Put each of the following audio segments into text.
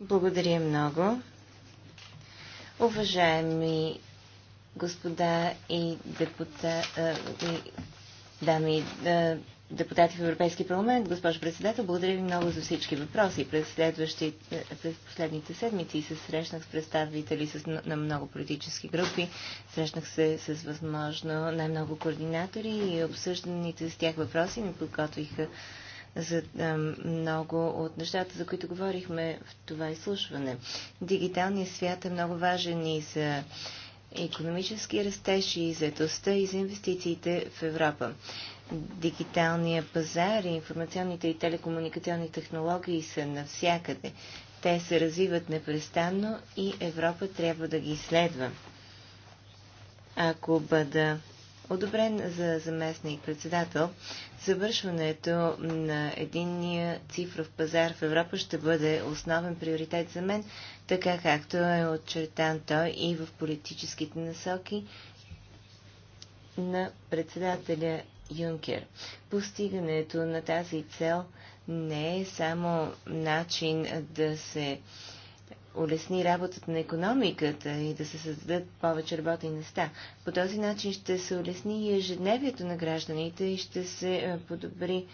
Благодаря много. Уважаеми господа и, депута, и дами и депутати в Европейски парламент, госпожо председател, благодаря ви много за всички въпроси. През, следващите, през последните седмици се срещнах с представители с, на много политически групи, срещнах се с възможно най-много координатори и обсъжданите с тях въпроси ми подготвиха за много от нещата, за които говорихме в това изслушване. Дигиталният свят е много важен и за економически растеж и заедостта и за инвестициите в Европа. Дигиталния пазар и информационните и телекомуникационни технологии са навсякъде. Те се развиват непрестанно и Европа трябва да ги следва. Ако бъда одобрен за заместник-председател, завършването на единния цифров пазар в Европа ще бъде основен приоритет за мен, така както е отчертан той и в политическите насоки на председателя Юнкер. Постигането на тази цел не е само начин да се улесни работата на економиката и да се създадат повече работни места. По този начин ще се улесни и ежедневието на гражданите и ще се е, подобри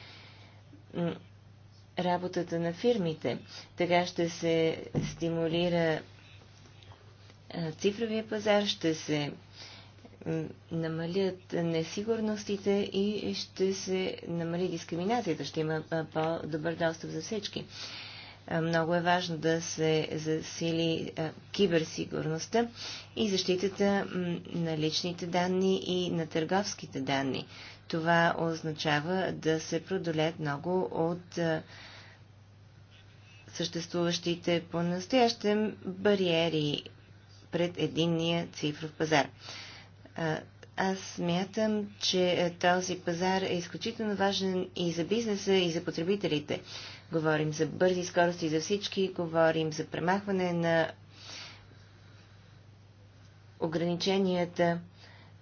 работата на фирмите. Така ще се стимулира е, цифровия пазар, ще се намалят несигурностите и ще се намали дискриминацията. Ще има е, по-добър достъп за всички. Е, много е важно да се засили е, киберсигурността и защитата на личните данни и на търговските данни. Това означава да се продолят много от е, съществуващите по-настоящем бариери пред единния цифров пазар. Аз смятам, че е, този пазар е изключително важен и за бизнеса, и за потребителите. Говорим за бързи скорости за всички, говорим за премахване на ограниченията,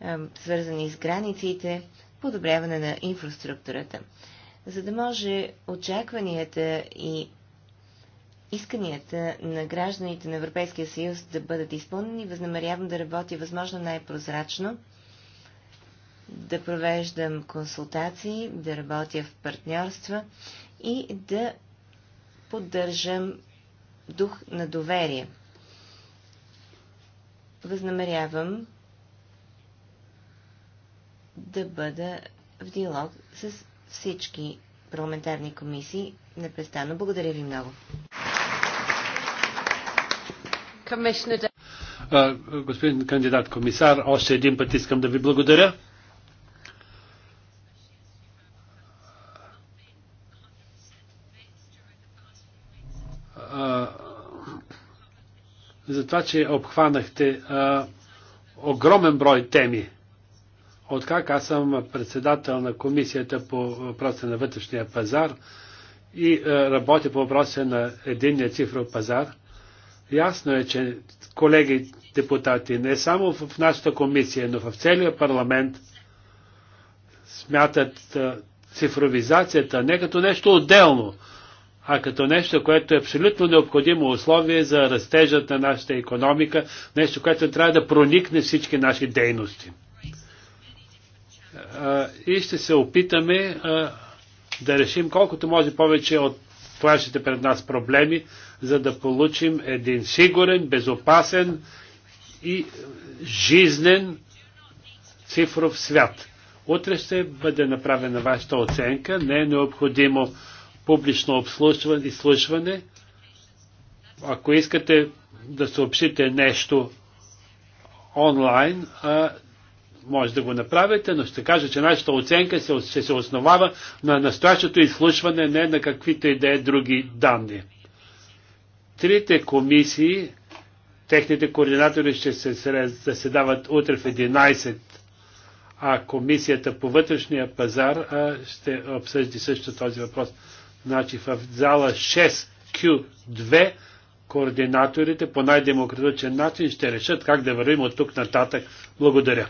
е, свързани с границите, подобряване на инфраструктурата. За да може очакванията и исканията на гражданите на Европейския съюз да бъдат изпълнени, възнамерявам да работя възможно най-прозрачно – да провеждам консултации, да работя в партньорства и да поддържам дух на доверие. Възнамерявам да бъда в диалог с всички парламентарни комисии непрестанно. Благодаря ви много. Господин кандидат комисар, още един път искам да ви благодаря. за това, че обхванахте а, огромен брой теми. Откак аз съм председател на комисията по въпроса на вътрешния пазар и а, работя по въпроса на единния цифров пазар, ясно е, че колеги депутати, не само в нашата комисия, но в целия парламент смятат цифровизацията не като нещо отделно, а като нещо, което е абсолютно необходимо условие за растежът на нашата економика, нещо, което трябва да проникне всички наши дейности. И ще се опитаме да решим колкото може повече от плащите пред нас проблеми, за да получим един сигурен, безопасен и жизнен цифров свят. Утре ще бъде направена вашата оценка. Не е необходимо публично обслужване, изслушване. Ако искате да съобщите нещо онлайн, а, може да го направите, но ще кажа, че нашата оценка се, ще се основава на настоящото изслушване, не на каквито и да е други данни. Трите комисии, техните координатори ще се заседават утре в 11, а комисията по вътрешния пазар а, ще обсъжди също този въпрос. Значи в зала 6Q2 координаторите по най-демократичен начин ще решат как да вървим от тук нататък. Благодаря.